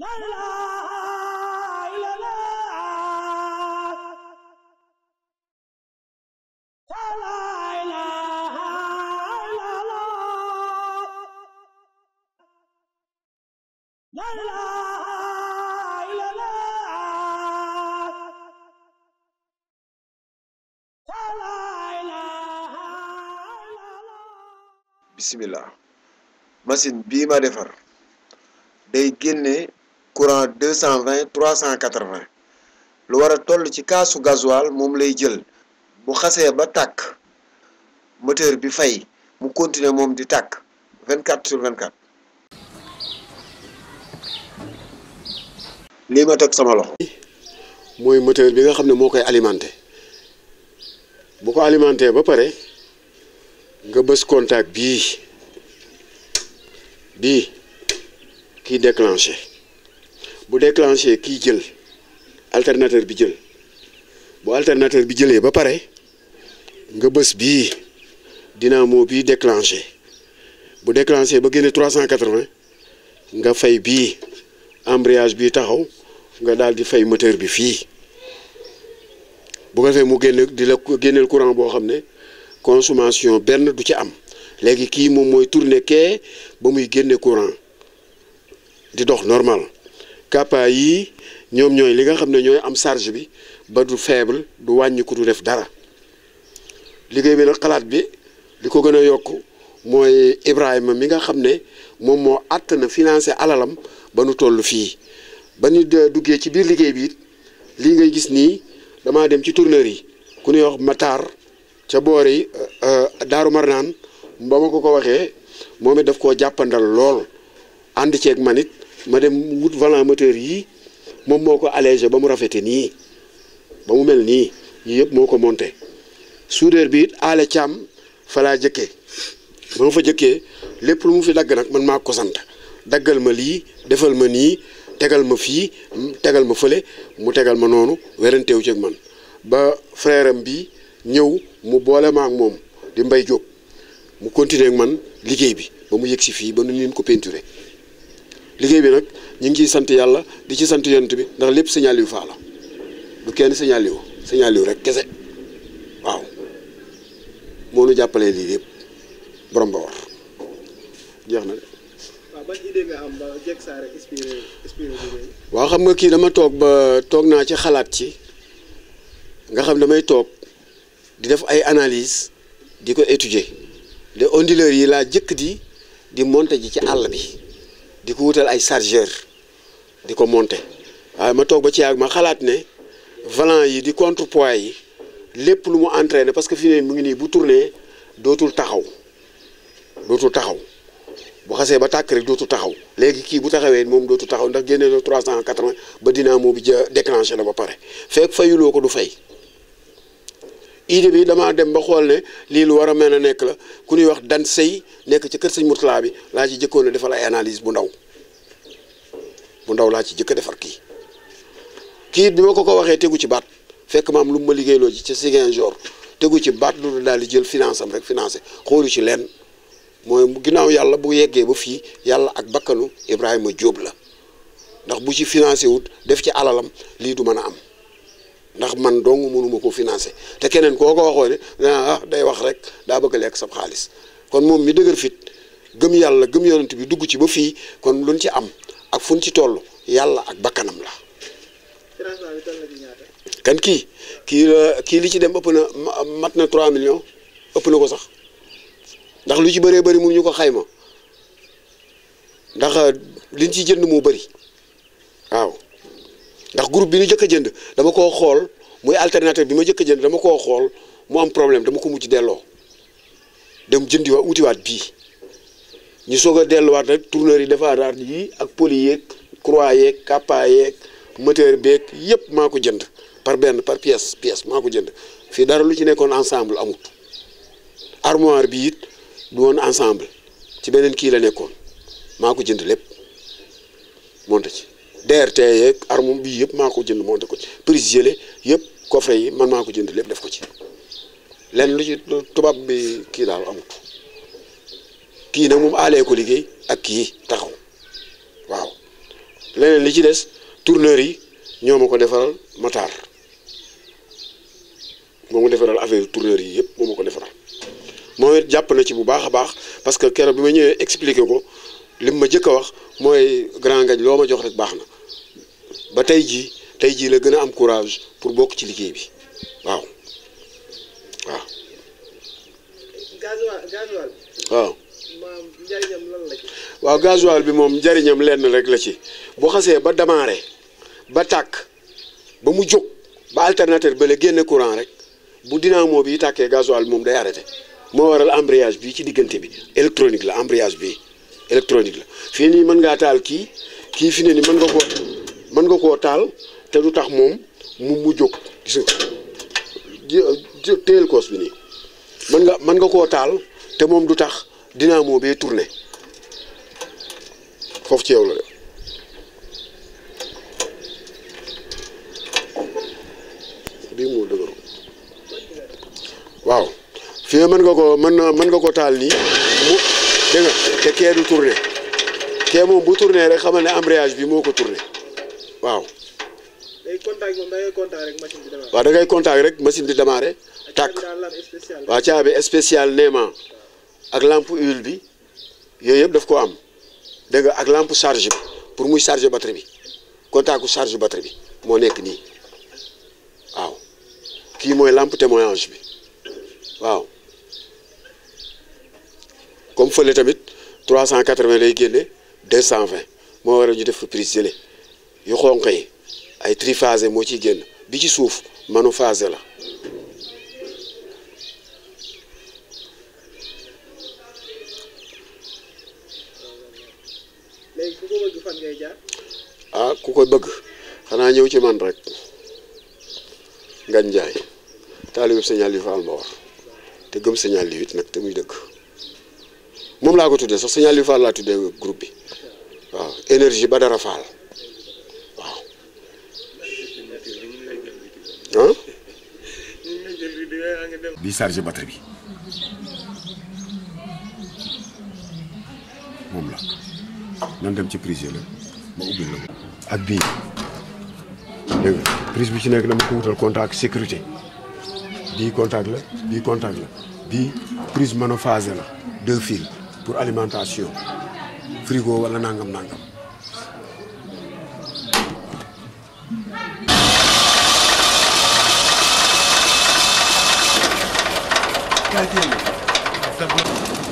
la ilaha illallah la ilaha illallah la ilaha illallah la ilaha illallah bismillah machine bii ma defar day génne courant deux cent vingt trois cent quatre vingt lu war a toll ci kaasu gasoil moom lay jël bu xasee ba tàkk moteur bi fay mu continuer moom di tàkk vingt quatre sur vingt quatre. lii ma teg sama loxo. mooy moteur bi nga xam ne moo koy alimenté bu ko alimenté ba pare nga bës contact bii bii kiy déclenché. bu déclencher, kii jël alternateur bi jël bu alternateur bi jëlee ba pare nga bës bii dynamo bi déclenché bu déclenché ba génne 380 nga fay bii embrayage bi taxaw nga daal di fay moteur bi fii bu ko defee mu génne di la génneel courant boo xam consommation benn du ci am léegi kii moom mooy tourner kee ba muy génne courant di dox normal kappa yii ñoom ñooy li nga xam ne ñooy am sarge bi ba du faible du wàññi ko du def dara liggéey bi nag xalaat bi li ko gën a yokk mooy Ibrahima mi nga xam ne moom moo àtt na financer alalam ba nu toll fii ba ñu duggee ci biir liggéey bi lii ngay gis nii damaa dem ci tourneur yi ku ñuy wax Matar ca boor yi euh, euh, Daaru Marnaan ba ko ko waxee moom it daf koo jàppandal lool ànd ceeg man it ma dem wut volant moteur yii moom moo ko allégé ba mu rafete nii ba mu mel nii yii yëpp moo ko monté soudeur bi it aale caam fa laa jëkkee ba fa jëkkee lépp lu mu fi dagg nag man maa ko sant daggal ma lii defal ma nii tegal ma fii mm, tegal ma fële mu tegal ma noonu weranteewu ci man ba frère bi ñëw mu boole ma ak moom di Mbay Jóob mu continuer man liggéey bi ba mu yëg si fii ba nu leen ko peinturé liggéey bi nag ñu ngi ciy sant yàlla di ci sant yonent bi ndax lépp Serigne Aliou Fall la du kenn Serigne Aliou Serigne Aliou kese waaw moo nu jàppalee lii yëpp borom ba war jeex na de. waaw xam nga kii dama toog ba toog naa ci xalaat ci nga xam damay toog di def ay analyse di ko étudier de onduleurs yi laa jëkk di di monter ji ci àll bi. di ko wutal ay chargeur di ko monter waaye ma toog ba ci yàgg ma xalaat ne volant yi di contrepoids yi lépp lu mu entraîné parce que fi ne mu ngi nii bu tourné dootul taxaw dootul taxaw bu xasee ba tàkk rek dootul taxaw léegi kii bu taxawee moom dootul taxaw ndax génne na 380 ba dynamo bi ja déclenché na ba pare fekk fayuloo ko du fay. idée bi damaa dem ba xool ne lii lu war a mel na nekk la ku ñuy wax dan sëy nekk ci kër sëñ Mourtala bi laa ci jëkkoon a defal ay analyse bu ndaw bu ndaw laa ci jëkk defar kii kii bi ma ko ko waxee tegu ci baat fekk ma am lu mu ma liggéeyloo ci ca Ziguinchor tegu ci baat loolu daal di jël finance rek financé xoolu ci leen mooy ginnaaw yàlla bu yeggee ba fii yàlla ak bakkanu Ibrahima jóob la ndax bu ci financé wut def ci alalam lii du mën a am ndax man dong mënuma ko financer te keneen koo ko waxoo ne ah day wax rek daa bëgg a lekk sab xaalis kon moom mi dëgër fit gëm yàlla gëm yonent bi dugg ci ba fii kon lu luñ ci am ak fuñ ci toll yàlla ak bakkanam la. kan kii kii kii li ci dem ëpp na mat na 3 millions ëpp na ko sax ndax lu ci bëree bëri ñu ko xayma ndax liñ ci jënd moo bari ndax groupe bi ñu jëkk jënd dama ko xol muy alternative bi ma jëkk jënd dama ko xol mu am problème dama ko mucc delloo dem jëndi outil wat bi ñu soga a wat rek tourneur yi rar yi ak poli yek croix yek kappa yek moteur bek yépp mako jënd par ben par pièce pièce mako jënd fi dara lu ci nekkon ensemble amut armoire bi it du won ensemble ci benen ki la nekkon mako jënd lépp monte ci DRT yeeg arme bii yëpp maa ko jënd monté ko ci prise yële yëpp coffre yi man maa ko jënd lépp def ko ci lenn lu ci tubaab bi kii daal amut kii nag moom aalee ko liggéey ak kii taxaw waaw leneen li ci des tourneur yi ñooma ko defaral Matar moo ma defaral affaire tourneur yi yëpp moo ma ko defaral moom it jàpp na ci bu baax a baax parce que keroog bi ma ñëwee expliqué ko li mu ma jëkk a wax mooy grand gañ loo ma jox rek baax na ba tay ji tay ji la gëna am courage pour bok ci liggéey bi waaw waaw. gasoil gasoil. waaw. njariñam lan la ci. waaw gasoil bi moom njariñam lenn rek la ci bu xasee ba démarré ba tàkk ba mu jóg ba alternateur ba la génne courant rek bu dynamo bi tàkkee gasoil moom day arrêté moo waral embrayage bi ci diggante bi électronique la embrayage bi électronique la fii nii mën ngaa taal kii kii fi ne nii mën nga ko. mën nga koo taal te du tax moom mu mu jóg gis nga téyel nii mën nga mën nga koo taal te moom du tax dynamo bee tourné foofu ci yow la de bii moo dëgëru waaw fii mën nga ko mën mën nga ko taal nii mu dégg nga te kee du tourné kee moom bu tourné rek xamal ne embrayage bi moo ko tourné waaw. day contact moom da ngay contact rek machine bi démarrer. waaw da ngay contact rek spécial néema ak lampe huile bi yooyu yëpp daf ko am dégg ak lampe charge bi pour muy charger batterie bi contactu charge batterie bi moo nekk nii waaw kii mooy lampe témoignage bi waaw comme fële tamit 380 lay génne 220 moo waral ñu def prise jëlee. yu xonq yi ay triphasé moo ciy génn bi ci suuf manu monophasé la ah ku ko bëgg xanaa ñëw ci man rek Ngagne Ndiaye taalibu Serigne Aliou Fall Mbaor te gëm Serigne Aliou it nag muy dëgg moom laa ko tuddee sax Serigne Aliou Fall bi waaw énergie ba dara faal ah. di chargé batterie bi moom la nan dem ci prise la ma ubbil la ak bii dégg prise bi ci nekk dama ko wutal contact sécurité bii contact la bii contact la bii prise monophasé la deux fils pour alimentation frigo wala nangam nangam Конечно, денег.